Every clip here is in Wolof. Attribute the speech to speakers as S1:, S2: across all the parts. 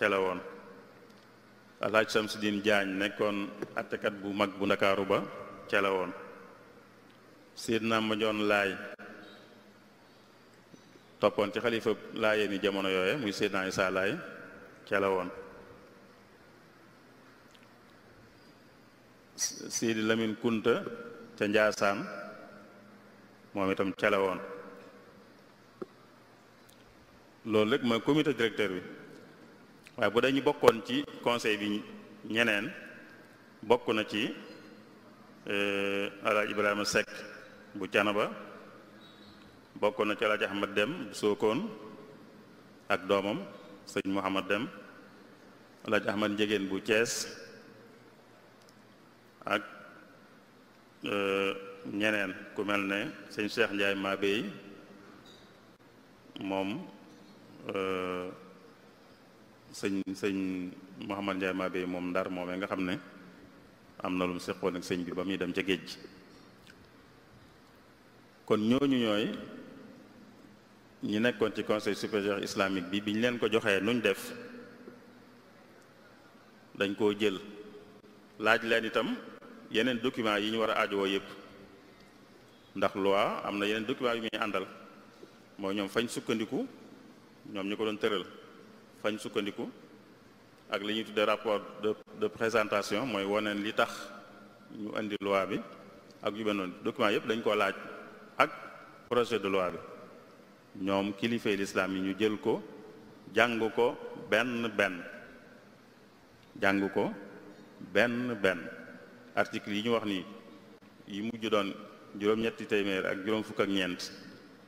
S1: ca la woon alhaaj Jaañ nekkoon attekat bu mag bu ndakaaru ba ca la woon Seydina Mandione Laay toppoon ci xalifa Laayeen yi jamono yooye muy Seydina Isaa Laay ca la woon Sidi Lamin Kunta ca Njaasaan moom itam ca loolu rek mooy comité directeur bi waaye bu dañu bokkoon ci conseil bi ñeneen bokk na ci euh, alaaj Ibrahima Seck bu Canaba bokkoon na ci alaaj Ahmad Dem bu Sookoon ak doomam sëñ Mouhamad Dem alaaj Ahmad Njegéen bu cees ak euh, ñeneen ku mel ne sëñ Cheikh Ndiaye Mabéy moom euh, sëñ sëñ Mouhamad Ndiaye Mabé moom ndar moomee nga xam ne am na lu mu sëñ bi ba muy dem ca géej gi kon ñooñu ñooy ñu nekkoon ci conseil supérieur islamique bi bi ñu leen ko joxee nuñ def dañ koo jël laaj leen itam yeneen document yi ñu war a aajowoo yëpp ndax loi am na yeneen document yu muy àndal mooy ñoom fañ sukkandiku ñoom ñu ko doon tëral fañ sukkandiku ak li ñuy tuddee rapport de de présentation mooy wane li tax ñu indi loi bi ak yu mel noonu document yëpp dañ ko laaj ak projet de loi bi ñoom kilifay lislaam yi ñu jël ko jàng ko benn benn jàng ko benn benn article yi ñu wax nii yi mujj doon juróom-ñetti téeméer ak juróom fukk ak ñeent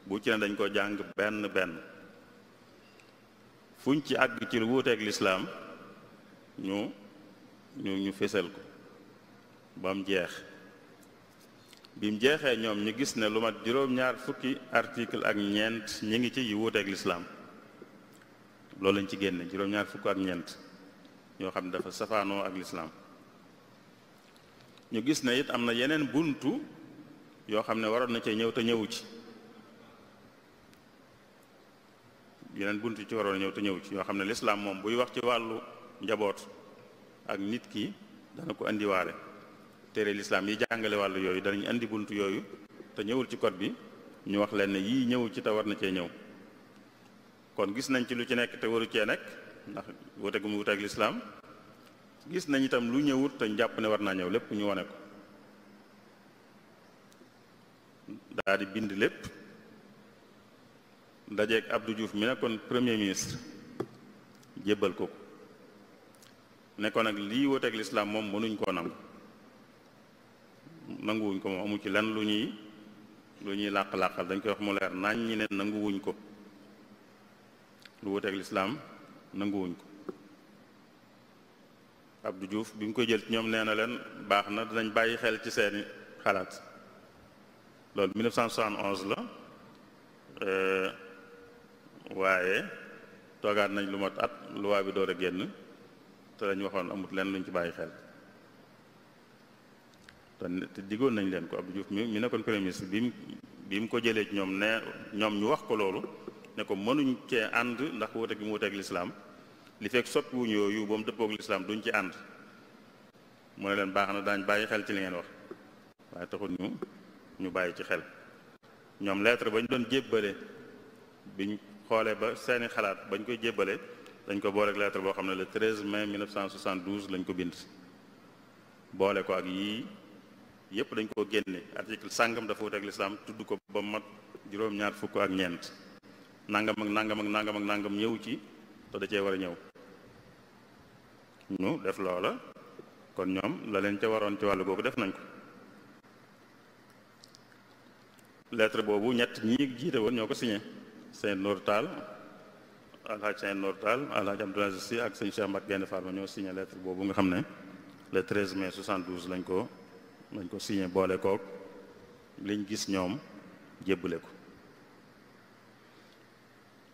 S1: bu ci ne dañ ko jàng benn benn fuñ ci àgg ci lu wuuteeg lislaam ñu ñu ñu fésal ko ba mu jeex bi mu jeexee ñoom ñu gis ne lu mat juróom-ñaar fukki article ak ñeent ñi ngi ci yu wuuteeg lislaam loolu lañ ci génne juróom-ñaar fukk ak ñeent yoo xam ne dafa safaanoo ak lislaam ñu gis ne it am na yeneen buntu yoo xam ne waroon na cee ñëw te ñëwu ci yeneen bunt yu ci waroon ñëw te ñëw ci yoo xam ne lislaam moom buy wax ci wàllu njaboot ak nit ki dana ko indiwaale téere lislaam yi jàngale wàllu yooyu danañ indi bunt yooyu te ñëwul ci code bi ñu wax leen ne yii ñëw ci te war na cee ñëw kon gis nañ ci lu ci nekk te waru cee nekk ndax wute gu mu wute ak lislaam gis nañ itam lu ñëwut te jàpp ne war naa ñëw lépp ñu wane ko daal di bind lépp dajeeg Abdou juuf mu nekkoon premier ministre jébbal ko ne ko nag lii woteeg lislaam moom mënuñ koo nangu nanguwuñ ko moom amu ci lan lu ñuy lu ñuy làq-làqal dañ koy wax mu leer naañ ñi ne nanguwuñ ko lu woteeg lislaam nanguwuñ ko abdu juuf bi mu ko jël ñoom nee na leen baax na dinañ bàyyi xel ci seeni xalaat loolu la euh, waaye toogaat nañ lu mat at luwaa bi door a génn te lañ waxoon amut leen luñ ci bàyyi xel te diggoon nañ leen ko ab Diouf mi mi nekkoon premier ministre bi mu bi mu ko jëlee ñoom ne ñoom ñu wax ko loolu ne ko mënuñ cee ànd ndax wute gi mu wuteeg lislaam li fekk soppiwuñ yooyu ba mu dëppoog lislaam duñ ci ànd mu ne leen baax na daañ bàyyi xel ci la ngeen wax waaye taxul ñu ñu bàyyi ci xel ñoom lettre ba ñu doon jébbale biñ xoolee ba seeni xalaat bañ koy jébbale dañ ko booleeg lettre boo xam ne le 13 mai 1972 lañ ko bind boole ko ak yii yëpp dañ ko génne article sàngam dafa wut ak lislaam tudd ko ba mat juróom-ñaar fukk ak ñeent nangam ak nangam ak nangam nangam ñëw ci te da cee war a ñëw ñu def loola kon ñoom la leen ca waroon ci wàll googu def nañ ko lettre boobu ñett ñi jiite woon ñoo ko signé sëñ Nourtal alhaaj sëñ Nourtal alhaaj Abdou Aziz Sy ak sëñ Cheikh Mbacké Gaïndé Fatma ñoo signé lettre boobu nga xam ne le mais mai 72 lañ ko lañ ko signé boole kook liñ gis ñoom jébbale ko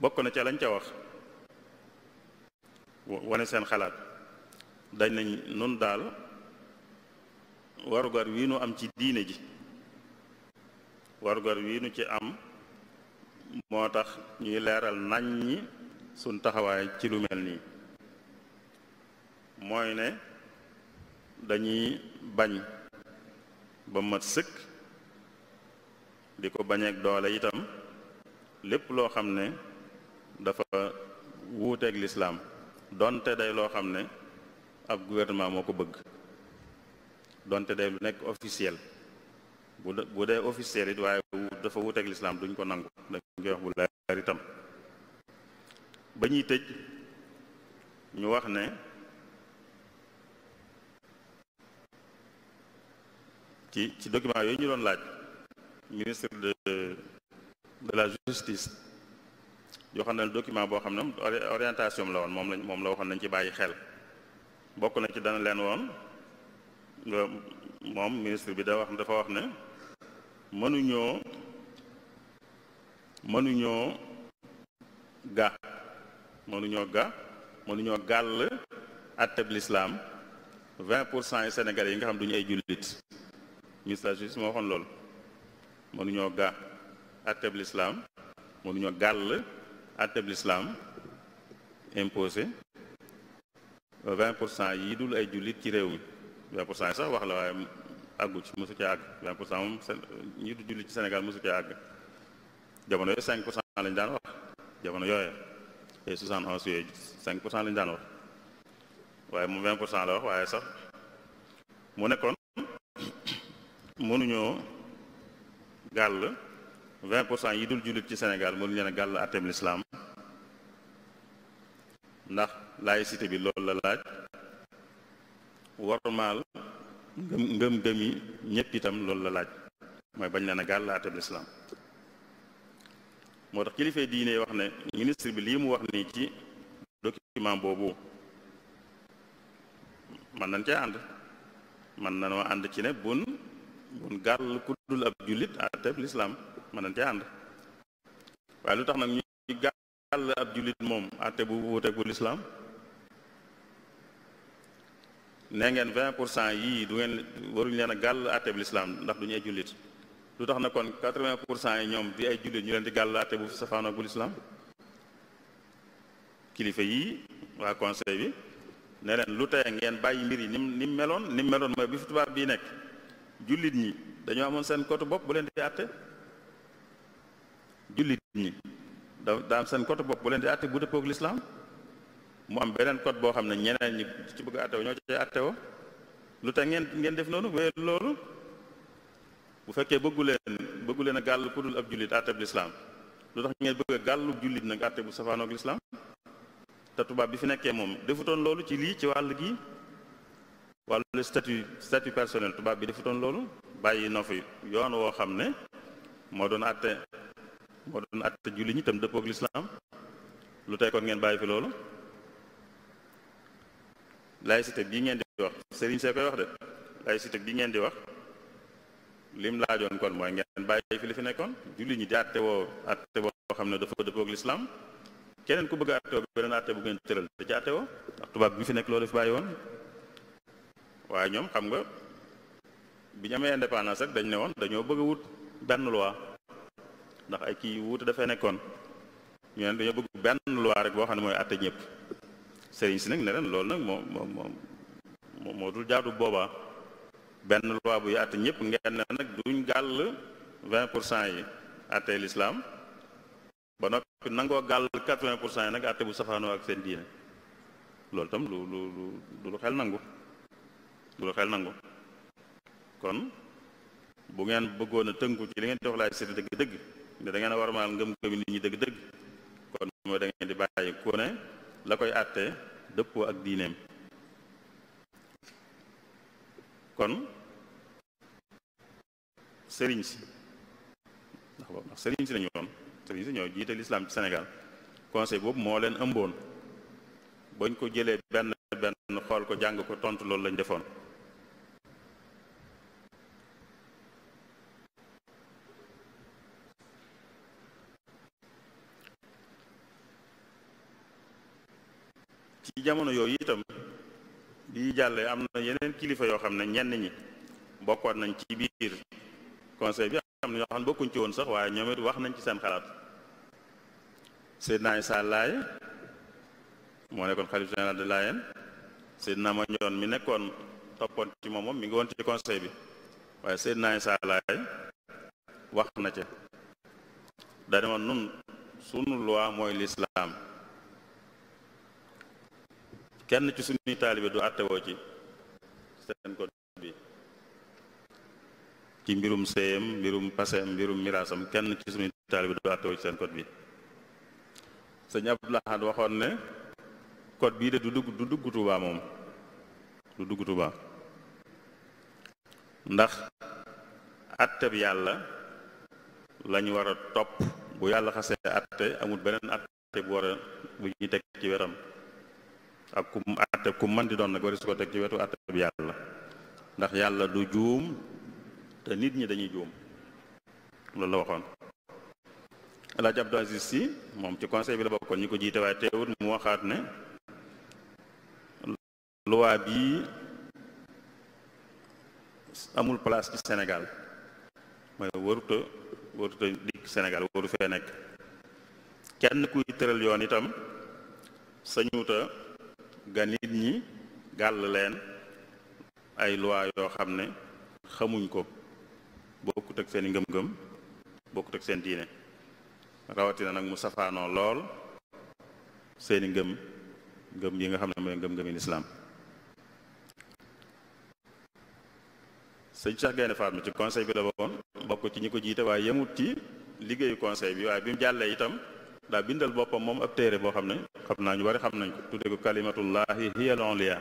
S1: bokk na ca lañ ca wax wane seen xalaat dañ nañ nun daal warugar wii nu am ci diine ji warugar wii nu ci am moo tax ñuy leeral nañ ñi suñ taxawaay ci lu mel nii mooy ne dañuy bañ ba mat sëkk di ko bañeek doole itam lépp loo xam ne dafa wuuteeg lislaam donte day loo xam ne ab gouvernement moo ko bëgg donte day bu nekk officiel bu de bu dee officiel yi waaye dafa wuteeg lislaam duñ ko nangu dañ koy wax bu leer itam ba ñuy tëj ñu wax ne ci ci document yooyu ñu doon laaj ministre de de la justice yoo xam ne document boo xam ne orientation la woon moom lañ moom la waxoon nañ ci bàyyi xel bokk na ci dana leen woon moom ministre bi da wax dafa wax ne mënuñoo mënuñoo ga mënuñoo ga mënuñoo gàll atteb lislaam vingt pour cent yi sénégalais yi nga xam duñu ay jullit ministre de la justice moo waxoon loolu mënuñoo ga atteb lislaam mënuñoo gàll atteb lislaam imposé vingt pour cent yi dul ay jullit ci réew mi vingt yi sax wax la waaye àggu ci mosu cee àgg vingt pour cent moom ñi du julli ci Sénégal mosu cee àgg jamono yooyu cinq lañ daan wax jamono yooyu ay soixante onze yooyu waaye moom vingt pour sax mu nekkoon mënuñoo gàll yi dul jullit ci Sénégal mënuñu leen gàll àtteem lislaam ndax laïcité bi loolu la laaj warmaal ngëm ngëm ngëm yi ñëpp itam loolu la laaj mooy bañ leen a gàll aateb lislaam moo tax kilifa diine wax ne ministre bi lii mu wax nii ci document boobu man nañ cee ànd man nañoo ànd ci ne bun bun gàll ku dul ab jullit aateb lislaam man nañ cee ànd waaye lu tax nag ñuy gàll ab jullit moom aate bu wuuteeg bu lislaam nee ngeen 20 pour cent yii du ngeen waruñu leen a gàll àtte bi lislaam ndax du ñu ay jullit lu tax na kon 80 pour cent yi ñoom di ay jullit ñu leen di gàll àtte bu safaanoog bu lislaam kilifa yii waa conseil bi ne leen lu tey ngeen bàyyi mbir yi nim ni meloon ni meloon mooy bi fi tubaab bii nekk jullit ñi dañoo amoon seen côté bopp bu leen di àtte jullit ñi da daam seen côté bopp bu leen di àtte bu dëppoog lislaam mu am beneen code boo xam ne ñeneen ñi ci bëgg attew ñoo ci attewo lu te ngeen ngeen def noonu wéyal loolu bu fekkee bëggu leen a gàll ku dul ab jullit atteb lislaam lu tax bëgg gàllu jullit nag atte bu safaanoog lislaam te tubaab bi fi nekkee moom defutoon loolu ci lii ci wàll gi wàllu statut statut personnel tubaab bi defutoon loolu bàyyi noo fi yoon woo xam ne moo doon atte moo doon atte jullit ñi tam dëppoog lislaam lu te kon ngeen bàyyi fi loolu laïcité bi ngeen di wax Serigne see koy wax de laïcité bi ngeen di wax lim laajoon kon mooy ngeen bàyyi fi li fi nekkoon julli ñi di àtte woo àtte boo xam ne dafa dëppoo ak lislaam keneen ku bëgg a àtte woo beneen àtte bu ngeen tëral da ci àtte woo ndax tubaab fi nekk loolu ñoom xam nga bi ñu amee indépendance dañ ne woon dañoo bëgg wut benn loi ndax ay kii wuute dafay nekkoon ñu ne dañoo bëgg benn loi rek boo xam ne mooy àtte ñëpp sëriñ si nag ne ren loolu nag moom moom moom moo dul jaadu boobaa benn loi buy àtte ñëpp ngeen ne nag duñ gàll vingt pour cent yi àttee lislaam ba noppi nangoo gàll quatre-vingt pour cent yi nag àtte bu safaanoo ak seen diine loolu tam lu lu lu lu xel nangu lu xel nangu kon bu ngeen bëggoon a tënku ci li ngeen di wax laaj dëgg-dëgg ne da ngeen a warmaal ngëm-ngëmi nit ñi dëgg-dëgg kon mooy da ngeen di bàyyi ku ne la koy àttee dëppoo ak diineem kon sëriñ si ndax boobu ndax sëriñ si lañu woon sëriñ si ñoo jiite lislaam ci Sénégal conseil boobu moo leen ëmboon bañ ko jëlee benn benn xool ko jàng ko tontu loolu lañu defoon ci jamono yooyu itam bi jàllee am na yeneen kilifa yoo xam ne ñenn ñi bokkoon nañ ci biir conseil bi am na ñoo xam ne bokkuñ ci woon sax waaye ñoom wax nañ ci seen xalaat Seydina Issa Laye moo nekkoon xalif général de Layène Seydina Mandione mi nekkoon toppoon ci moom moom mi ngi woon ci conseil bi waaye Seydina Issa Laye wax na ca dane woon nun sunu loi mooy lislaam kenn ci suñuy taalibe du àttewoo ci seen code bi ci mbirum séyam mbirum paseem mbirum miraasam kenn ci suñuy taalibe du àttewoo ci seen code bi sëñ Abdul Ahad waxoon ne code bii de du dugg du dugg Tuubaa moom du dugg Tuubaa ndax àtteb yàlla lañu war a topp bu yàlla xasee àtte amul beneen àtte bu war bu ñuy teg ci wetam ak ku atte ku mën di doon nag wari su ko teg ci wetu atte bi yàlla ndax yàlla du juum te nit ñi dañuy juum loolu la waxoon la Hadj Abdou Aziz moom ci conseil bi la bokkoon ñi ko jiite waaye teewut mu waxaat ne loi bii amul place ci Sénégal mooy waruta waruta dikk Sénégal waru fee nekk kenn kuy tëral yoon itam sañuuta ganit ñi gàll leen ay loi yoo xam ne xamuñ ko bokkut ak seen i ngëm-ngëm bokkut ak seen diine rawatina nag mu safaanoo lool seeni ngëm ngëm yi nga xam ne mooy ngëm-ngëmi lislaam sëñ Cheikh Gaynde Fatma ci conseil bi la bokkoon bokk ci ñi ko jiite waaye yemut ci liggéeyu conseil bi waaye bi mu jàllee itam daa bindal boppam moom ab téere boo xam ne xam naa ñu bari xam nañ ko tudde ko kalimatullahi hiya al-ulya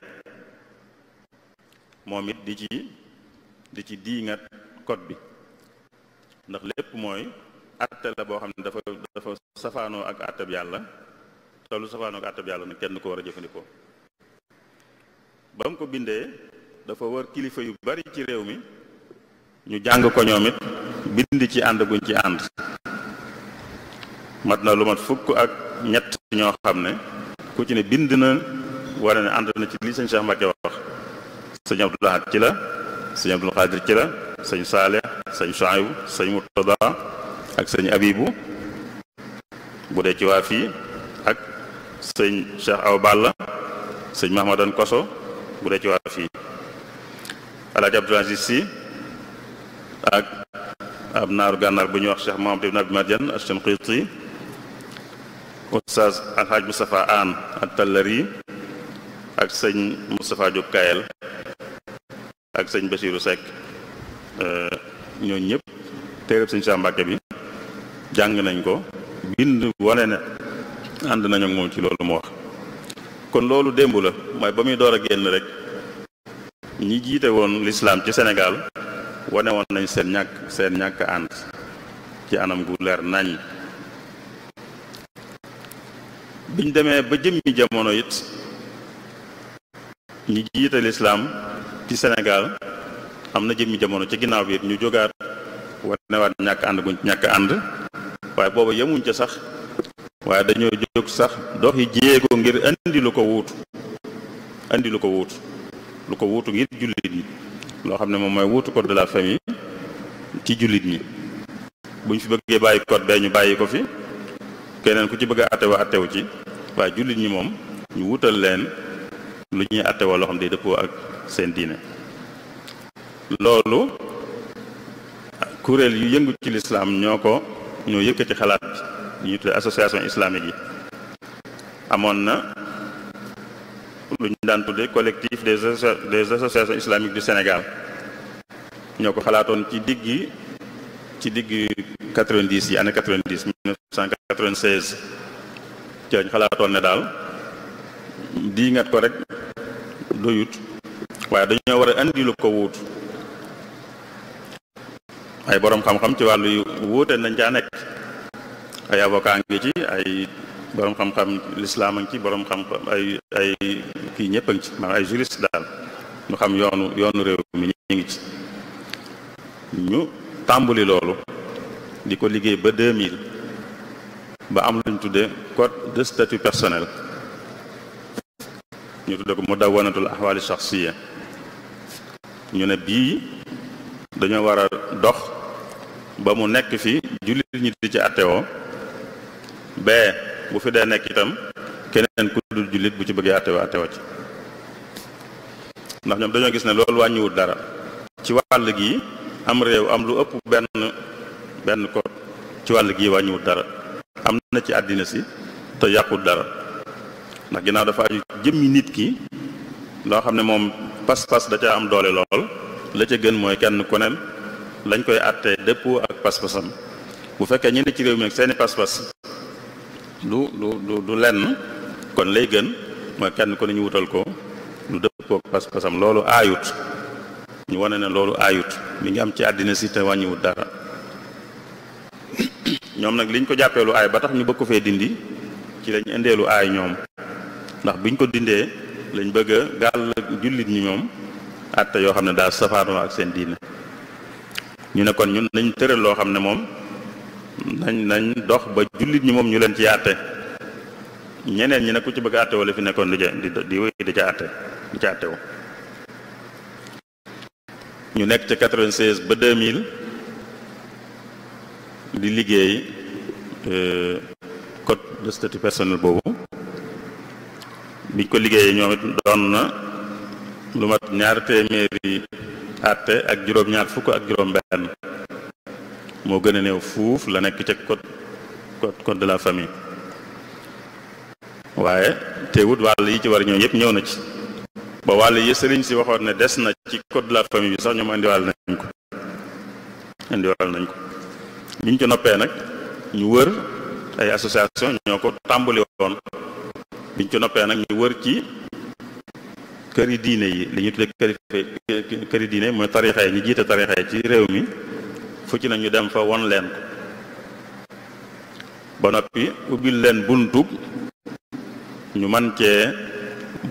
S1: moom it di ci di ci diingat code bi ndax lépp mooy atte la boo xam ne dafa dafa safaanoo ak àttab yàlla te lu safaanoo ak àttab yàlla nag kenn ko war a jëfandikoo ba ko bindee dafa war kilifa yu bari ci réew mi ñu jàng ko ñoom it bind ci ànd guñ ci ànd mat na lu fukk ak ñett ñoo xam ne ku ci ne bind na wala ne ànd na ci lii sëñ Cheikh Mbacke wax sëñ Abdoul Ahad ci la sëñ Abdoul Xaadir ci la sëñ Saaleh sëñ Chouaïb sëñ Murtada ak sëñ Abibu bu dee ci waa fii ak sëñ Cheikh Aw la sëñ Mahmadan Koso bu dee ci waa fii Alaaji Aziz Si ak ab naaru gànnaar bu ñuy wax Cheikh Mohamad Ibn Abdul Madian Ashanqiti oustaz alhaaj moustapha an ak tallari ak sëñ moustapha Diop kayel ak sëñ basiru Seck euh, ñoo ñëpp téereb sëñ Cheikh bi jàng nañ ko bind wane ne ànd nañu moom ci loolu mu wax kon loolu démb la mooy ba muy door a génn rek ñi jiite woon lislaam ci senegaal wane woon nañ seen ñàkk seen ñàkk ànd ci anam gu leer nañ biñ demee ba jëmmi jamono it ñi jiite lislaam ci Sénégal am na jëmmi jamono ci ginnaaw bi it ñu jógaat wanewaat ñàkk ànd guñ ñàkk ànd waaye booba yemuñ ca sax waaye dañoo jóg sax dox yi jéego ngir indi lu ko wuutu indi lu ko wuutu lu ko wuutu ngir jullit ñi loo xam ne moom mooy wuutu code de la famille ci jullit ñi buñ fi bëggee bàyyi code bee ñu bàyyi ko fi keneen ku ci bëgg a àttewu àttewu ci waa jullit ñi moom ñu wutal leen lu ñuy àttewoo loo xam day dëppoo ak seen diine loolu kuréel yu yëngut ci lislaam ñoo ko ñoo yëkkati xalaat bi ñu tuddee association islamique yi amoon na lu ñu daan tuddee collectif des des associations islamiques du Sénégal ñoo ko xalaatoon ci diggi ci diggi 90 yi année 90 1996 Jaañ xalaatoon ne daal dii ngat ko rek doyut waaye dañoo war a ko wuut ay borom xam-xam ci wàllu yu wuute nañ caa nekk ay avocat ngi ci ay borom xam-xam lislaam a ngi ci boroom xam ay ay kii ñëpp a ngi ci maanaam ay juriste daal ñu xam yoonu yoonu réew mi ñu ngi ci ñu tàmbuli loolu di ko liggéey ba 2000 ba am lu ñu tuddee code de statut personnel ñu tuddee ko mudawwanatul ahwaali shaxsiya ñu ne bii dañoo war a dox ba mu nekk fi jullit ñi di ci attewoo bee bu fi dee nekk itam keneen ku dul jullit bu ci bëggee attewoo attewoo ci ndax ñoom dañoo gis ne lool wàññiwul dara ci wàll gi am réew am lu ëpp benn benn code ci wàll gi wàññiwul dara am na ci àddina si te yàqul dara ndax ginnaaw dafa aju jëmmi nit ki loo xam ne moom pas-pas da ca am doole lool la ca gën mooy kenn ko ne lañ koy àttee dëppoo ak pas-pasam bu fekkee ñi ne ci réew mi nag seeni pas-pas du du du lenn kon lay gën mooy kenn ku ne ñu wutal ko lu dëppoo ak pas-pasam loolu aayut ñu wane ne loolu aayut mi ngi am ci àddina si te wàññiwut dara ñoom nag liñ ko jàppeelu aay ba tax ñu bëgg ko fee dindi ci lañ indeelu aay ñoom ndax biñ ko dindee lañ bëgg a jullit ñi ñoom atte yoo xam ne daal safaanoo ak seen diine ñu ne ñun nañ tëral loo xam ne moom nañ nañ dox ba jullit ñi moom ñu leen ci àtte ñeneen ñi ne ci bëgg wala fi nekkoon di di di di di ca àtte ñu nekk ca 96 ba 2000 di liggéey euh, code de statut personnel boobu biñ ko liggéeyee ñoom it doon na lu mat ñaar téeméeri àtte ak juróom-ñaar fukk ak juróom-benn moo gën a new fuuf la nekk ca code code code de la famille waaye teewut wàll yi ci war ñoo yëpp ñëw na ci ba wàll yi sëriñ si waxoon ne des na ci code la famille bi sax ñoom indiwaal nañ ko indiwaal nañ ko liñ ko noppee nag ñu wër ay association ñoo ko tàmbali woon biñ ko noppee nag ñu wër ci kër yi diine yi li ñu tuddee këri këri diine mooy tarixa yi ñu jiite tarixa yi ci réew mi fu ci nañu dem fa won leen ba noppi ubbil leen buntub ñu man cee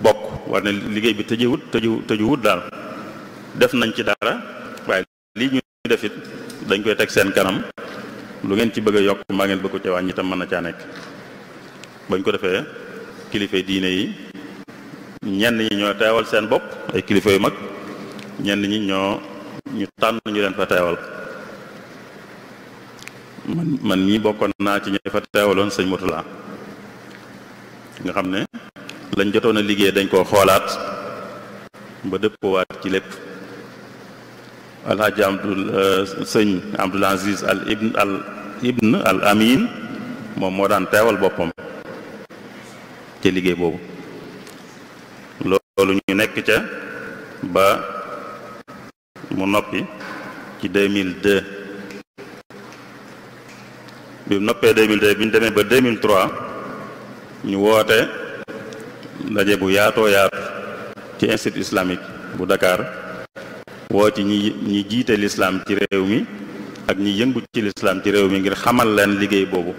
S1: bokk war ne liggéey bi tëjuwut tëju tëjuwut daal def nañ ci dara waaye lii ñu defit dañ koy teg seen kanam lu ngeen ci bëgg a yokk mbaa ngeen bëgg ko ca wàññi itam mën na caa nekk bañ ko defee kilifa diine yi ñenn ñi ñoo teewal seen bopp ay kilifa yu mag ñenn ñi ñoo ñu tànn ñu leen fa teewal man man ñi bokkoon naa ci ñi fa teewaloon sëñ Murtala nga xam ne lañ jotoon a liggéey dañ koo xoolaat ba dëppoowaat ci lépp alhaji abdul euh, sëñ abdul aziz al ibn al ibn al amin moom moo daan teewal boppam ca liggéey boobu loolu ñu nekk ca ba mu noppi ci 2002 bi mu noppee 2002 bi ñu demee ba 2003 ñu woote ndaje bu yaatoo yaatu ci institut islamique bu Dakar wooti ñi ñi jiite lislaam ci réew mi ak ñi yëngut ci lislaam ci réew mi ngir xamal leen liggéey boobu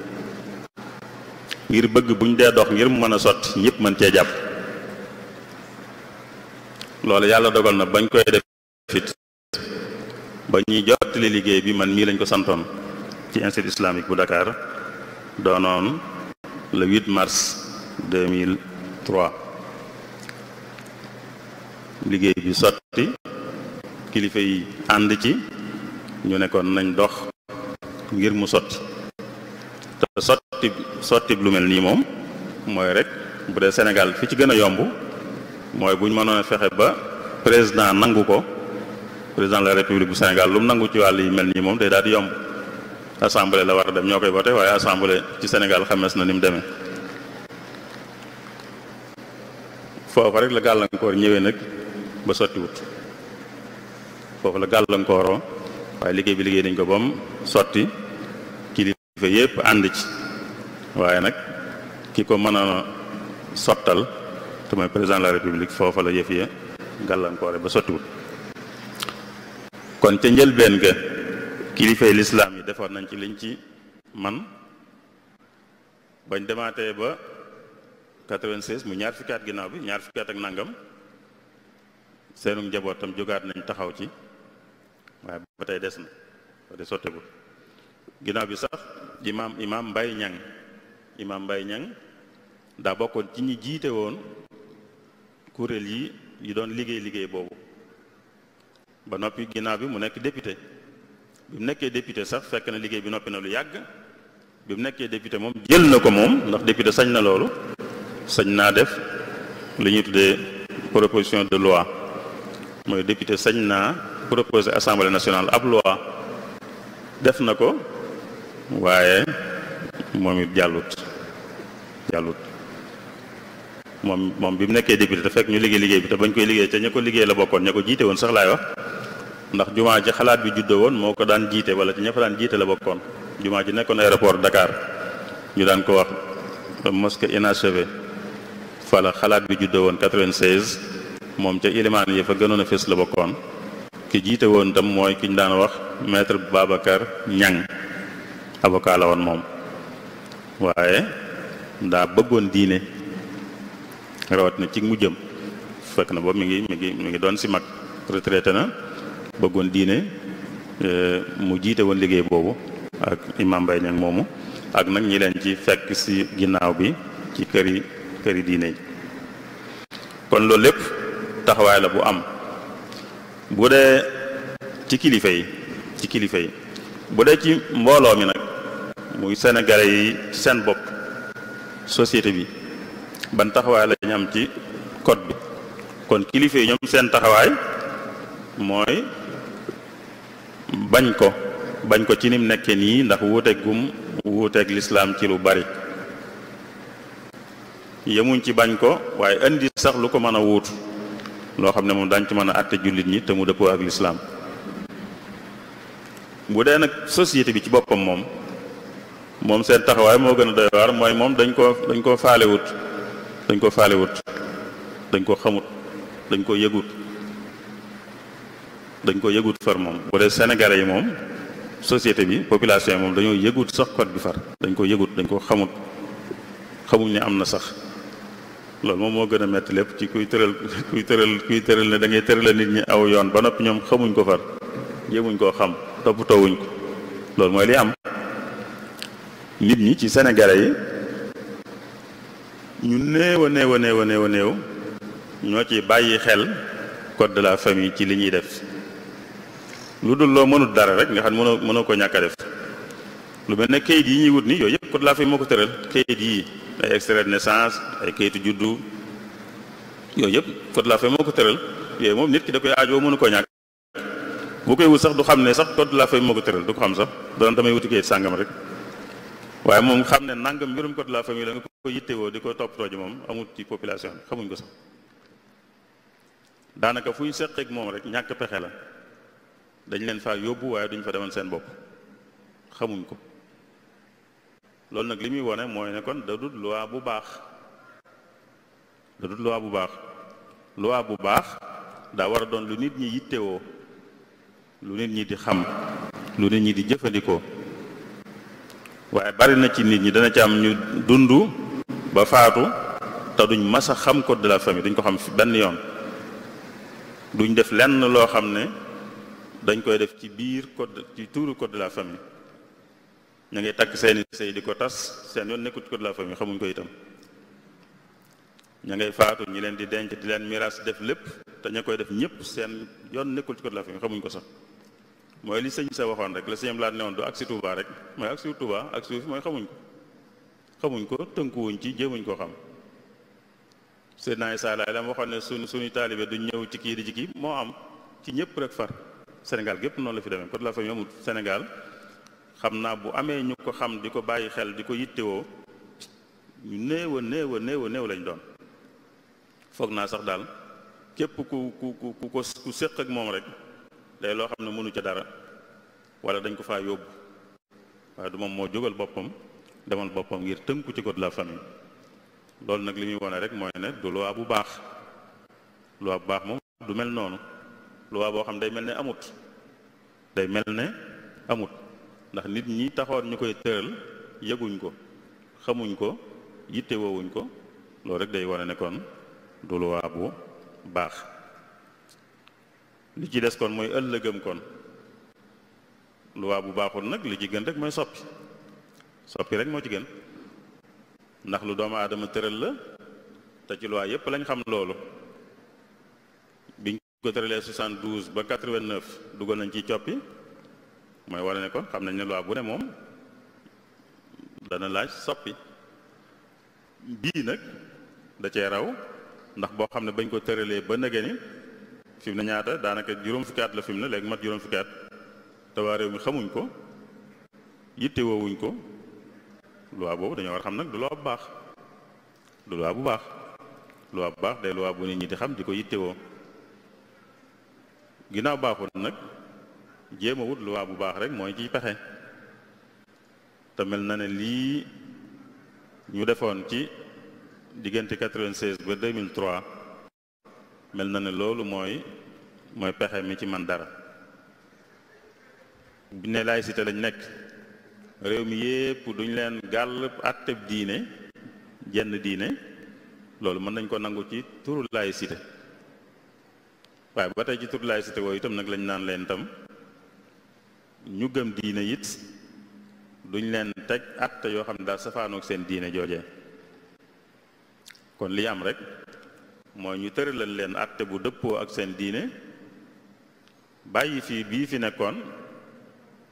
S1: ngir bëgg buñ dee dox ngir mu mën a sotti ñëpp mën cee jàpp loolu yàlla dogal na bañ koy def fit ba ñuy jottali liggéey bi man mii lañ ko santoon ci institut islamique bu Dakar doonoon le 8 mars 2003 liggéey bi sotti kilifa yi ànd ci ñu nekkoon nañ dox ngir mu sotti te sotti sotti lu mel nii moom mooy rek bu dee Sénégal fi ci gën a yomb mooy bu ñu mënoon a fexe ba président nangu ko président la république bu Sénégal lu nangu ci wàll yi mel nii moom day daal di yomb assemblée la war a dem ñoo koy voté waaye assemblée ci Sénégal xamees na ni mu demee. foofa rek la gàllankoor ñëwee nag ba sotti foofu la gàllankooroo waaye liggéey bi liggéey nañ ko ba mu sotti kilifa yépp ànd ci waaye nag ki ko mën a sottal te mooy président de la république foofa la yëf ya gàllankoore ba sottiwul kon ca njëlbeen ga kilifay lislaam yi defoon nañ ci liñ ci man bañ demaatee ba 96 mu ñaar fukki ginnaaw bi ñaar fukki at ak nangam seenu njabootam jógaat nañ taxaw ci ba tey des na ba tey sottegul bi sax imaam imaam Mbaye Niang imaam mbay ñaŋ daa bokkoon ci ñu jiite woon kuréel yi yu doon liggéey liggéey boobu ba noppi ginnaaw bi mu nekk député bi mu nekkee député sax fekk na liggéey bi noppi na lu yàgg bi mu nekkee député moom jël na ko moom ndax député sañ na loolu sañ naa def lu ñuy tuddee proposition de loi mooy député sañ naa proposé assemblée nationale ab loi def na ko waaye moom it jàllut jàllut moom moom bi mu nekkee député te fekk ñu liggéey liggéey bi te bañ koy liggéey te ña ko liggéey la bokkoon ña ko jiite woon sax laay wax ndax jumaa ji xalaat bi juddoo woon moo ko daan jiite wala ci ña fa daan jiite la bokkoon jumaa ji nekkoon aéroport dakaar ñu daan ko wax mosquée inachevée fala xalaat bi juddoo woon 96 moom ca ilimaan yi fa gënoon a fés la bokkoon ki jiite woon tam mooy ki ñu daan wax maître Babacar Niang avocat la woon moom waaye daa bëggoon diine rawat na ci mu jëm fekk na boobu mu ngi mi ngi ngi doon si mag retraité na bëggoon diine mu jiite woon liggéey boobu ak imam Mbaye Niang moomu ak nag ñi leen ci fekk si ginnaaw bi ci këri këri diine yi kon loolu lépp taxawaay la bu am bu dee ci kilifa yi ci kilifa yi bu dee ci mbooloo mi nag muy sénégalais yi seen bopp société bi ban taxawaay lañu am ci kot bi kon kilifa yi ñoom seen taxawaay mooy bañ ko bañ ko ci nim nekke nii ndax wuuteeg gum wuuteeg lislaam ci lu bari yemuñ ci bañ ko waaye indi sax lu ko mën a wuutu loo xam ne moom daañu ci mën a àtte jullit ñi te mu dëppoo ak lislaam bu dee nag société bi ci boppam moom moom seen taxawaay moo gën a mooy moom dañ koo dañ koo faalewut dañ ko faalewut dañ koo xamut dañ ko yëgut dañ ko yëgut far moom bu dee yi moom société bi population moom dañoo yëgut sax code bi far dañ ko yëgut dañ koo xamut xamuñ ne am na sax loolu moom moo gën a metti lépp ci kuy tëral kuy tëral kuy tëral ne da ngay tëralal nit ñi aw yoon ba noppi ñoom xamuñ ko far yéemuñ koo xam toppatoo wuñ ko loolu mooy li am nit ñi ci Sénégalais yi ñu néew a néew a néew ñoo ci bàyyi xel code de la famille ci li ñuy def lu dul loo mënut dara rek nga xam mënoo mënoo ko ñàkk def lu mel ne kayit yi ñuy wut ni yooyu yëpp code de la moo ko tëral kayit yii ay extrait de naissance ay kayitu juddu yooyu yëpp code la famille moo ko tëral yooyu moom nit ki da koy aajoo mënu ko ñàkk bu koy wut sax du xam ne sax code la famille moo ko tëral du ko xam sax dana damay wuti kayit sàngam rek waaye moom xam ne nangam mbirum code la famille la nga ko yittewoo di ko toppatoo ji moom amul ci population bi xamuñ ko sax daanaka fu ñu seqeeg moom rek ñàkk pexe la dañ leen faa yóbbu waaye duñ fa demal seen bopp xamuñ ko loolu nag li muy wone mooy ne kon da dut bu baax da bu baax loi bu baax daa war a doon lu nit ñi yittewoo lu nit ñi di xam lu nit ñi di jëfandikoo waaye bari na ci nit ñi dana ci am ñu dund ba faatu te duñ masa xam code de la famille duñ ko xam benn yoon duñ def lenn loo xam ne dañ koy def ci biir code ci tuuru code de la famille ñu ngi takk seeni sëy di ko tas seen yoon nekkut ko de la famille xamuñ ko itam ña ngay faatu ñi leen di denc di leen miraas def lépp te ña koy def ñëpp seen yoon nekkul ci code de la famille xamuñ ko sax mooy li sëñ sa waxoon rek la sëñam laa ne ak si Touba rek ak si Touba ak si mooy xamuñ ko xamuñ ko tënkuwuñ ci jéemuñ koo xam Seydina Issa Laye la mu waxoon ne suñ suñu taalibe du ñëw ci kii di ci moo am ci ñëpp rek far Sénégal gépp noonu la fi demee code de la famille amul Sénégal xam naa bu amee ñu ko xam di ko bàyyi xel di ko yittewoo ñu néew a néew néew a lañ doon foog naa sax daal képp ku ku ku ku séq ak moom rek day loo xam ne mënu ca dara wala dañ ko fa yóbbu waaye du moom moo jógal boppam demal boppam ngir tënku ci ko de la famille loolu nag li muy wane rek mooy ne du loi bu baax loi bu baax moom du mel noonu luwa boo xam day mel ne amut day mel ne amut ndax nit ñi taxoon ñu koy tëral yëguñ ko xamuñ ko yitte woowuñ ko loolu rek day wane ne kon du luwaa bu baax li ci des kon mooy ëllëgam kon luwaa bu baaxul nag li ci gën rek mooy soppi soppi rek moo ci gën ndax lu doomu aadama tëral la te ci luwaa yépp lañ xam loolu biñ ko tëralee 72 ba 89 dugal nañ ci coppi mooy wane ne kon xam nañ ne loi bu ne moom dana laaj soppi bii nag da cee raw ndax boo xam ne bañ ko tëralee ba nëgë ni fi mu ne ñaata daanaka juróom fukki la fi na ne mat juróom fukki at te waa réew mi xamuñ ko yitte ko loi boobu dañoo war xam nag du loi bu baax du bu baax loi bu baax day loi bu nit ñi di xam di ko yitte woo ginnaaw baaxoon nag jéem a wut luwaa bu baax rek mooy ciy pexe te mel na ne lii ñu defoon ci diggante 96 ba 2003 mel na ne loolu mooy mooy pexe mi ci man dara bi ne laïcité lañ nekk réew mi yépp duñ leen gàll àtteb diine jenn diine loolu mën nañ ko nangu ci turu laïcité waaye ba tey ci turu laïcité woo itam nag lañ naan leen itam ñu gëm diine it duñ leen teg atte yoo xam ne daal safaanoog seen diine jooje kon li am rek mooy ñu tëralal leen atte bu dëppoo ak seen diine bàyyi fii bii fi nekkoon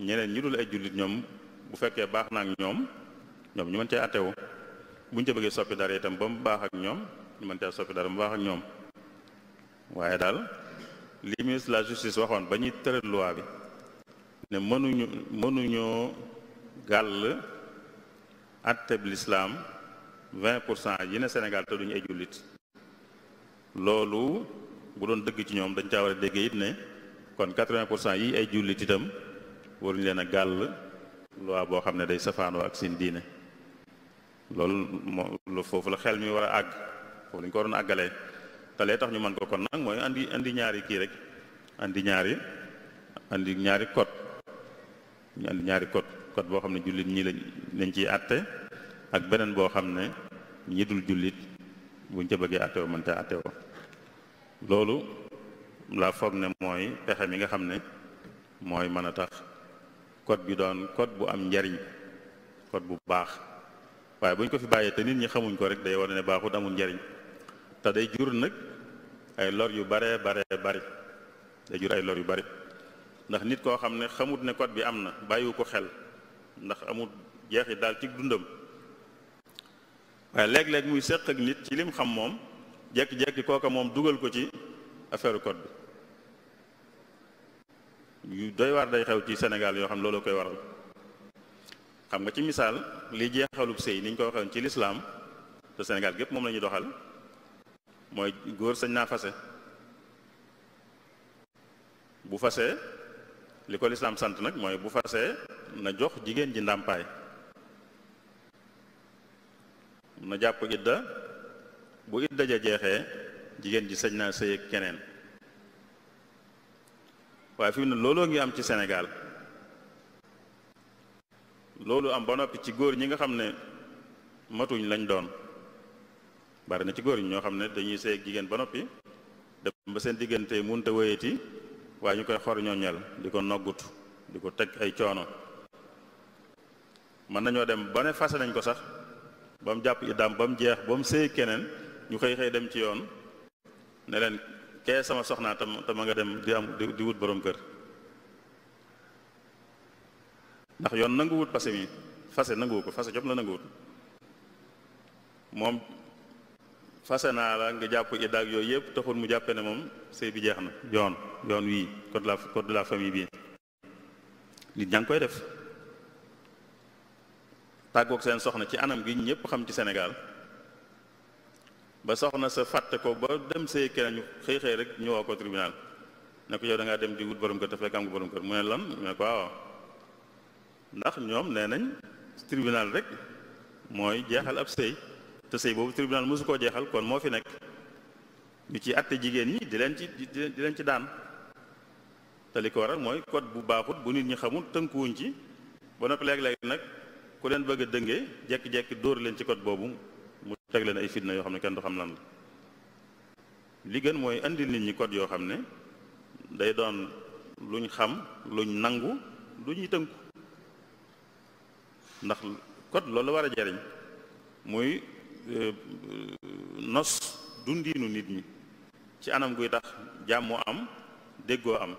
S1: ñeneen ñu dul ay jullit ñoom bu fekkee baax na ak ñoom ñoom ñu mën cee attewu buñ ca bëggee soppi dara itam ba mu baax ak ñoom ñu mën cee soppi dara mu baax ak ñoom waaye daal li la justice waxoon ba ñuy tëral loi bi ne mënuñu mënuñoo gàll atteb lislaam vingt pour cent yi ne Sénégal te duñu ay jullit loolu bu doon dëgg ci ñoom dañ caa war a déggee it ne kon quatre pour cent yi ay jullit itam waruñu leen a gàll loi boo xam ne day safaanoo ak seen diine loolu moo foofu la xel mi war a àgg foofu lañ ko waroon àggalee te lee tax ñu mën ko kon nag mooy indi indi ñaari kii rek andi ñaari andi ñaari code ñu andi ñaari code code boo xam ne jullit ñi lañ lañ ciy atte ak beneen boo xam ne ñi dul jullit buñ ca bëggee atte woo mën ta atte woo loolu laa foog ne mooy pexe mi nga xam ne mooy mën a tax code bi doon code bu am njariñ code bu baax waaye buñ ko fi bàyyee te nit ñi xamuñ ko rek day wane ne baaxut amul njariñ te day jur nag ay lor yu bare bare bari day jur ay lor yu bari ndax nit koo xam ne xamut ne code bi am na bàyyiwu ko xel ndax amut jeexi daal ci dundam waaye léeg-léeg muy séq ak nit ci lim xam moom jekki-jekki kooka moom dugal ko ci affaire code bi yu doy waar day xew ci Sénégal yoo xam ne loolu koy waral xam nga ci misaal li jeexalub sëy ni ñu ko waxee ci lislaam te Sénégal gépp moom la ñuy doxal mooy góor sañ naa fase bu fase li ko lislaam sant nag mooy bu fasee na jox jigéen ji ndàmpaay na jàpp idda bu idda ja jeexee jigéen ji sañ naa sëy keneen waaye fi mu ne looloo ngi am ci Sénégal loolu am ba noppi ci góor ñi nga xam ne matuñ lañ doon bari na ci góor yi ñoo xam ne dañuy sëy ak jigéen ba noppi dem ba seen diggante munta wéyati waaye ñu koy xor ñooñeel di ko noggutu di ko teg ay coono mën nañoo dem ba ne fase nañ ko sax ba mu jàpp iddaam ba mu jeex ba mu sëy keneen ñu xëy xëy dem ci yoon ne leen kee sama soxnaa tam tam nga dem di am di wut boroom kër ndax yoon nanguwut fase mi fase nanguwu ko fase jom la nanguwut moom fase naa la nga jàpp idda ak yooyu yëpp taxul mu jàppe ne moom sëy bi jeex na yoon yoon wii code la code de la famille bi nit ñaa koy def tàggoog seen soxna ci anam gi ñëpp xam ci senegal ba soxna sa fàtte ko ba dem sëy keneen ñu xëy xëy rek ñu woo ko tribunal ne ko yow da ngaa dem di wut borom kër te fekk am nga borom kër mu ne lan mu ne ko waaw ndax ñoom nee nañ tribunal rek mooy jeexal ab sëy te boobu tribunal mosu koo jeexal kon moo fi nekk ñu ci àtte jigéen ñi di leen ci di leen ci daan te li ko waral mooy code bu baaxut bu nit ñi xamul tënkuwuñ ci ba noppi léeg-léeg nag ku leen bëgg a dëngee jekki-jekki dóor leen ci code boobu mu teg leen ay fitna yoo xam ne kenn du xam lan la li gën mooy andil nit ñi code yoo xam ne day doon luñ xam luñ nangu lu ñuy tënku ndax code loolu war a jariñ muy Euh, nos dundiinu nit ñi ci anam guy tax jàmmoo am déggoo am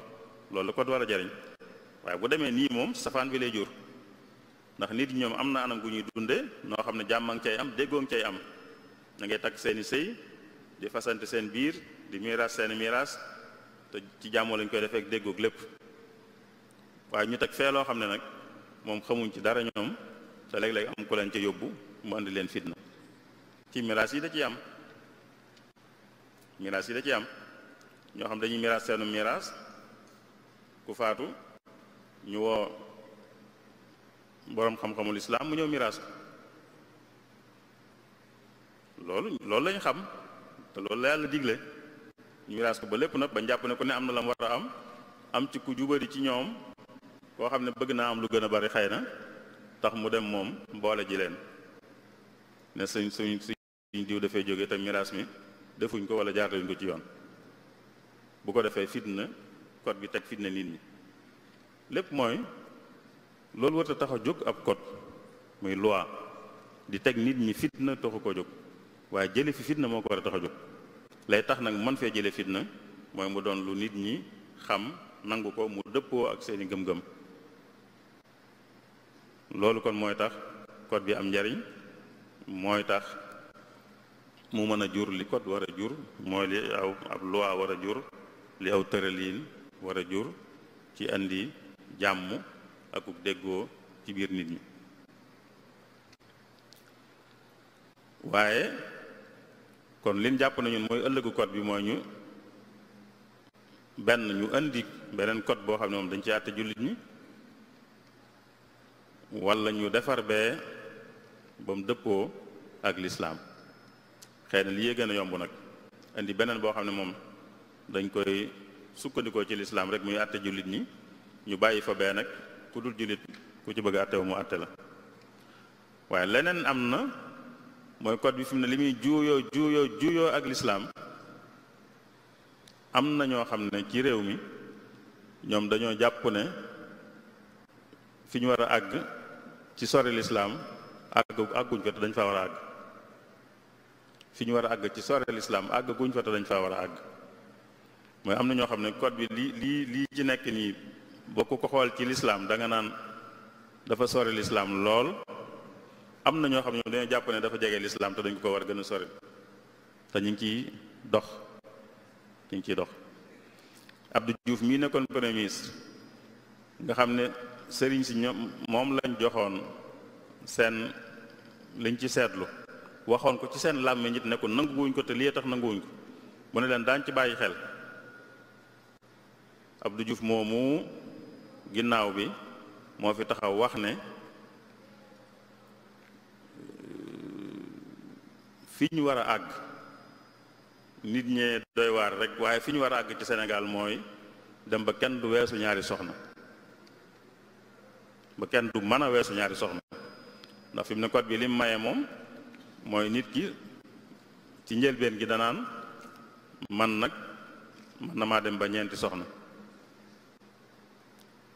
S1: loolu la ko war a jariñ waaye bu demee nii moom safaan bi lay jur ndax nit ñi ñoom am na anam gu ñuy dunde noo xam ne jàmm nga cay am déggoo nga cay am na ngay takk seeni sëy di fasante seen biir di miiras seeni miiras te ci jàmmoo lañ koy defee ak lépp waaye ñu teg fee loo xam ne nag moom xamuñ ci dara ñoom te léeg-léeg am ku leen ca yóbbu mu andi leen fitna ci miraas yi da ciy am miraas yi da ci am ñoo xam dañuy miraas seenu miraas ku faatu ñu woo boroom xam-xamul islaam mu ñëw miraas ko loolu loolu lañ xam te loolu la yàlla digle ñu miraas ko ba lépp nag ba njàpp ne ko ne am na la mu war a am am ci ku jubari ci ñoom koo xam ne bëgg naa am lu gën a bari xëy na tax mu dem moom mboole ji leen ne suñ suñ ñu diw dafay jógee te miraas mi defuñ ko wala jaarlañ ko ci yoon bu ko defee fitna code bi teg fitna nit ñi lépp mooy loolu warta tax a jóg ab code muy loi di teg nit ñi fitna taxu koo jóg waaye jële fi fitna moo ko war a tax a jóg lay tax nag man fee jële fitna mooy mu doon lu nit ñi xam nangu ko mu dëppoo ak seeni gëm-gëm loolu kon mooy tax kot bi am njariñ mooy tax mu mën a jur li code war a jur mooy li aw ab loi war a jur li aw tëraliin war a jur ci andi jàmm akub déggoo ci biir nit ñi waaye kon liñ jàpp nañu mooy ëllëgu code bi mooy ñu benn ñu indi beneen code boo xam ne moom dañ ci àtte jullit ñi walla ñu defar bee ba dëppoo ak lislaam xëy na li gën a yomb nag indi beneen boo xam ne moom dañ koy sukkandikoo ci lislaam rek muy àtte jullit ñi ñu bàyyi fa bee nag ku dul jullit ku ci bëgg àtte mu àtte la waaye leneen am na mooy kot bi fi ne li muy juuyoo juuyoo juuyoo ak lislaam am na ñoo xam ne ci réew mi ñoom dañoo jàpp ne fi ñu war a àgg ci sori lislaam àgg àgguñ ko te dañ fa war a àgg fi ñu war a àgg ci soore lislaam àgg guñ fa te dañ faa war a àgg mooy am na ñoo xam ne cod bi lii lii lii ci nekk nii boo ko xool ci lislaam da nga naan dafa sore lislaam lool am na ñoo xam ne ñoom dañoo dafa jege lislaam dañ ko war a gën a sore te ñu ngi ciy dox ñu ciy dox Abdou Diouf mii nekkoon premier nga xam ne sëriñ si ñoom moom lañ joxoon seen lañ ci seetlu waxoon ko ci seen làmmiñ nit ne ko nanguwuñ ko te lii tax nanguwuñ ko mu ne leen daañ ci bàyyi xel Abdou Diouf moomu ginnaaw bi moo fi taxaw wax ne euh, fi ñu war a àgg nit ñee doy waar rek waaye fi ñu war a àgg ci Sénégal mooy dem ba kenn du weesu ñaari soxna ba kenn du mën a weesu ñaari soxna ndax fi mu ne lim maye moom mooy nit ki ci njëlbeen gi danaan man nag man na maa dem ba ñeenti soxna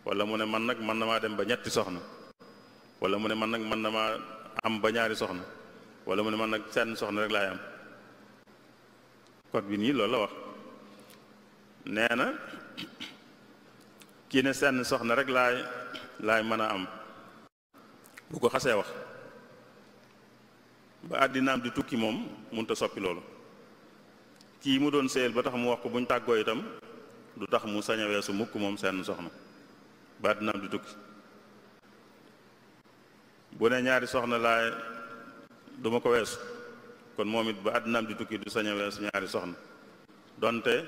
S1: walla mu ne man nag man na maa dem ba ñetti soxna wala mu ne man nag man na maa am ba ñaari soxna wala mu ne man nag seen soxna rek laay am code bi nii loolu la wax nee na kii ne seen soxna rek laay laay mën a am bu ko xasee wax ba àddinaam di tukki moom mënut a soppi loolu kii mu doon sëyal ba tax mu wax ko buñ tàggoo itam du tax mu saña weesu mukk moom seen soxna ba àddinaam di tukki bu ne ñaari soxna laa duma ko weesu kon moom it ba àddinaam di tukki du sañ a weesu soxna donte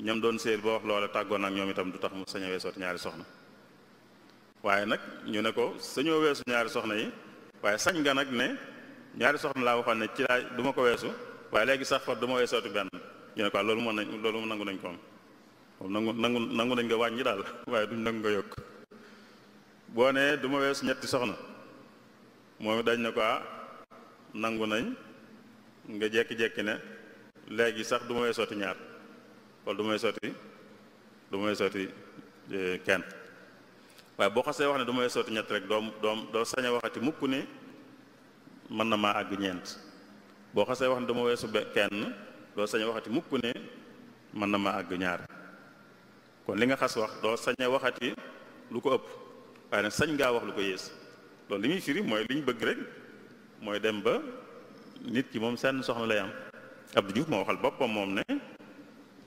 S1: ñam doon sëyal ba wax loola tàggoon ak ñoom itam du tax mu sañ a weesoot ñaari soxna waaye nag ñu ne ko sañoo weesu ñaari soxna yi waaye sañ nga nag ne ñaari soxna laa waxoon ne ci laa du ma ko weesu waaye léegi sax far du ma weesooti benn ñu ne quoi loolu mën nañ loolu mu nangu nañ koom moom nangu nangu nañ nga wàññi daal waaye duñ nangu nga yokk boo du ma weesu ñetti soxna moom dañ ne quoi ah, nangu nañ nga jekki-jekki ne sax du ma weesooti ñaar wala du ma weesooti du ma weesooti eh, kenn waaye boo xasee wax ne du ma weesooti ñett rek doom doom doo sañ a waxati mukk ni mën na maa àgg ñeent boo xasee wax ne dama weesu kenn doo sañ a waxati mukk ne mën na ma àgg ñaar kon li nga xas wax doo sañ a yi lu ko ëpp waaye nag sañ ngaa wax lu ko yées loolu li muy firi mooy li ñu bëgg rek mooy dem ba nit ki moom seen soxna lay am Abdou Diouf moo waxal boppam moom ne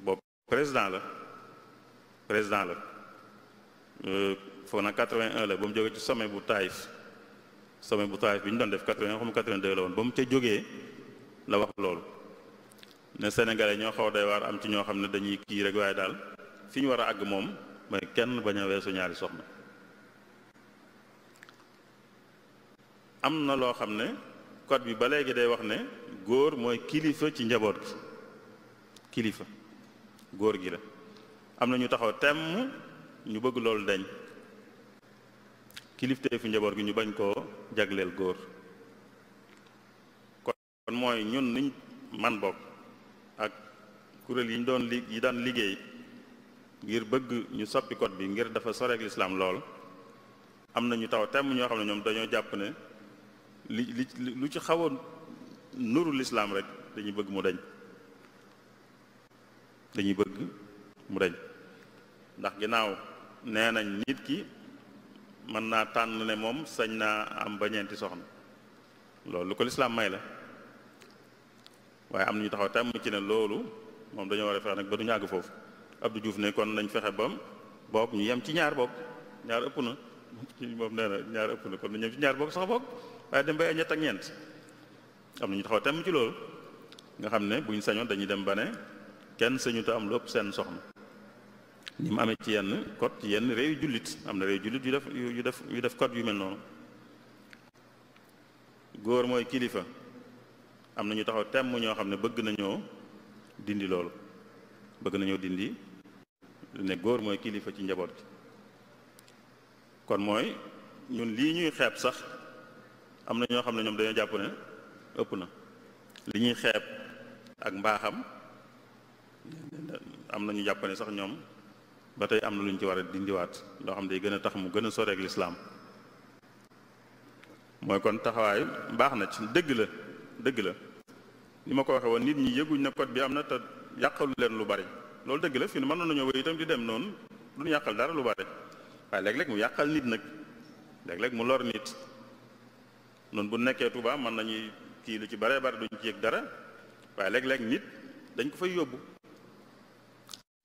S1: bopp président la président la foog na 81 la ba mu jógee ci sommet bu Taïf sommet bu Taif bi ñu doon def 80 xam 82 la woon ba mu ca jógee la wax loolu ne sénégalais ñoo xaw a doy waar am ci ñoo xam ne dañuy kii rek waaye daal fi ñu war a àgg moom ma kenn bañ a weesu ñaari soxna am na loo xam ne code bi ba léegi day wax ne góor mooy kilifa ci njaboot gi kilifa góor gi la am na ñu taxaw temm ñu bëgg loolu dañ kilifteefu njaboot gi ñu bañ koo jagleel góor kon mooy ñun niñ man bokk ak kuréel yi ñu doon li yi daan liggéey ngir bëgg ñu soppi code bi ngir dafa soreek lislaam lool am na ñu taw temm ñoo xam ne ñoom dañoo jàpp ne li li lu ci xaw nuru lislaam rek dañuy bëgg mu dañ dañuy bëgg mu dañ ndax ginnaaw nee nañ nit ki mën naa tànn ne moom sañ naa am ba ñeenti soxna loolu lu ko lislaam may la waaye am na ñu taxaw tam ci ne loolu moom dañoo war a fexe nag ba du ñu àgg foofu Abdou Diouf ne kon nañ fexe bam bopp ñu yem ci ñaar bopp ñaar ëpp na moom nee na ñaar ëpp na kon ñu yem ci ñaar bopp sax bopp waaye dem bay ñett ak ñeent am na ñu taxaw tam ci loolu nga xam ne bu ñu sañoon dañuy dem bane kenn sañu am lu ëpp seen soxna ni mu amee ci yenn code yenn réew yu jullit am na réew jullit yu def yu def yu def code yu mel noonu góor mooy kilifa am na ñu taxaw temm ñoo xam ne bëgg nañoo dindi loolu bëgg nañoo dindi ne góor mooy kilifa ci njaboot gi kon mooy ñun lii ñuy xeeb sax am na ñoo xam ne ñoom dañoo jàpp ne ëpp na li ñuy xeeb ak mbaaxam am na ñu jàpp sax ñoom ba tey am na lu ñu ci war a dindiwaat loo xam day gën a tax mu gën a soreeg lislaam mooy kon taxawaay baax na ci dëgg la dëgg la li ma ko waxee woon nit ñi yëguñ na bi am na te yàqalu leen lu bari loolu dëgg la fi ne mën nañoo wéy itam di dem noonu duñu yàqal dara lu bare waaye léeg-léeg mu yàqal nit nag léeg-léeg mu lor nit noonu bu nekkee Tuubaa mën nañuy kii lu ci baree bari duñ ci yëg dara waaye léeg-léeg nit dañ ko fay yóbbu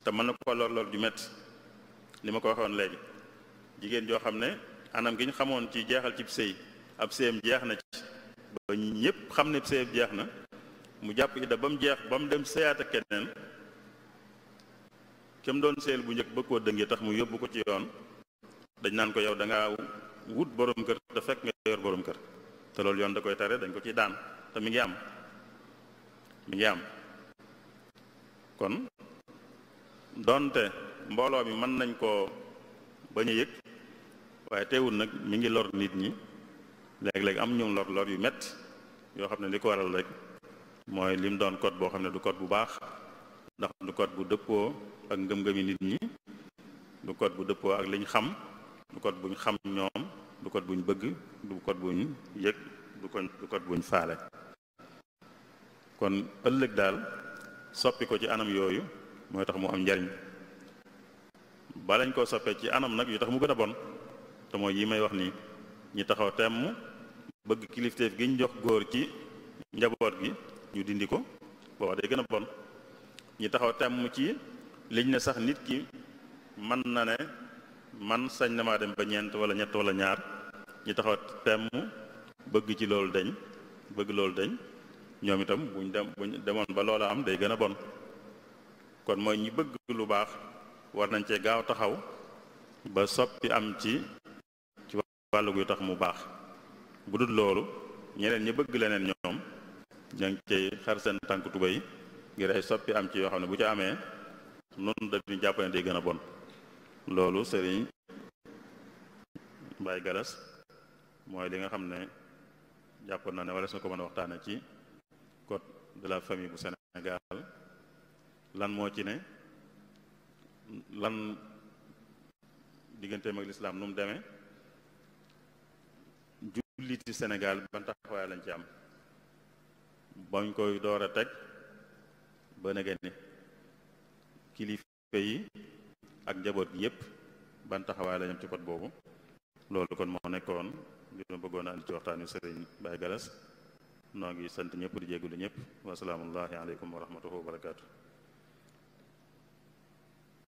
S1: te mën na ko lor lor ju metti li ma ko waxoon léegi jigéen joo xam ne anam gi ñu xamoon ci jeexal cib sëy ab sëyam jeex na ci ba ñëpp xam ne sëyam jeex na mu jàpp idda ba mu jeex ba mu dem sëyaat ak keneen kem doon sëyal bu njëkk ba koo dëngee tax mu yóbbu ko ci yoon dañ naan ko yow da ngaa wut boroom kër te fekk nga boroom kër te loolu yoon da koy tare dañ ko ciy daan te mi ngi am mi ngi am kon doonte mbooloo mi mën nañ koo bañ a yëg waaye teewul nag mi ngi lor nit ñi léeg-léeg am ñum lor lor yu metti yoo xam ne li ko waral rek mooy lim doon code boo xam ne du code bu baax ndax du code bu dëppoo ak ngëm-ngëmi nit ñi du code bu dëppoo ak liñ xam du code buñ xam ñoom du code buñ bëgg du code buñ yëg du ko du code buñ faale kon ëllëg daal soppi ko ci anam yooyu mooy tax mu am njariñ ba lañ koo soppee ci anam nag yu tax mu gën a bon te mooy yi may wax nii ñi taxaw temm bëgg kilifteef gi ñu jox góor ci njaboot gi ñu dindi ko booba day gën a bon ñi taxaw temm ci liñ ne sax nit ki man na ne man sañ na maa dem ba ñeent wala ñett wala ñaar ñi taxaw temm bëgg ci loolu dañ bëgg loolu dañ ñoom itam buñ dem buñ demoon ba loola am day gën a bon kon mooy ñi bëgg lu baax war nañ cee gaaw taxaw ba soppi am ci ci wàllu guy tax mu baax bu dul loolu ñeneen ñi bëgg leneen ñoom ña ngi cay xar seen tànk tuba ngir ay soppi am ci yoo xam ne bu ci amee noonu dañuy jàpp ne day gën a bon loolu sëriñ bay Galas mooy li nga xam ne jàppoon na ne wala su ko mën a waxtaane ci code de la famille bu Sénégal lan moo ci ne lan digganteem ak lislaam nu mu demee jullit ci Sénégal ban lañ ci am bañ koy door a teg ba nageen ni kilifa yi ak njaboot gi yépp ban taxawaay lañ am ci côté boobu loolu kon moo nekkoon ñu bëggoon a andi ci waxtaan wi Sëriñ Baye Galas noo ngi sant ñëpp di jégalu ñëpp wasalaamullahi aleykum wa rahmatuhu wa barakaatu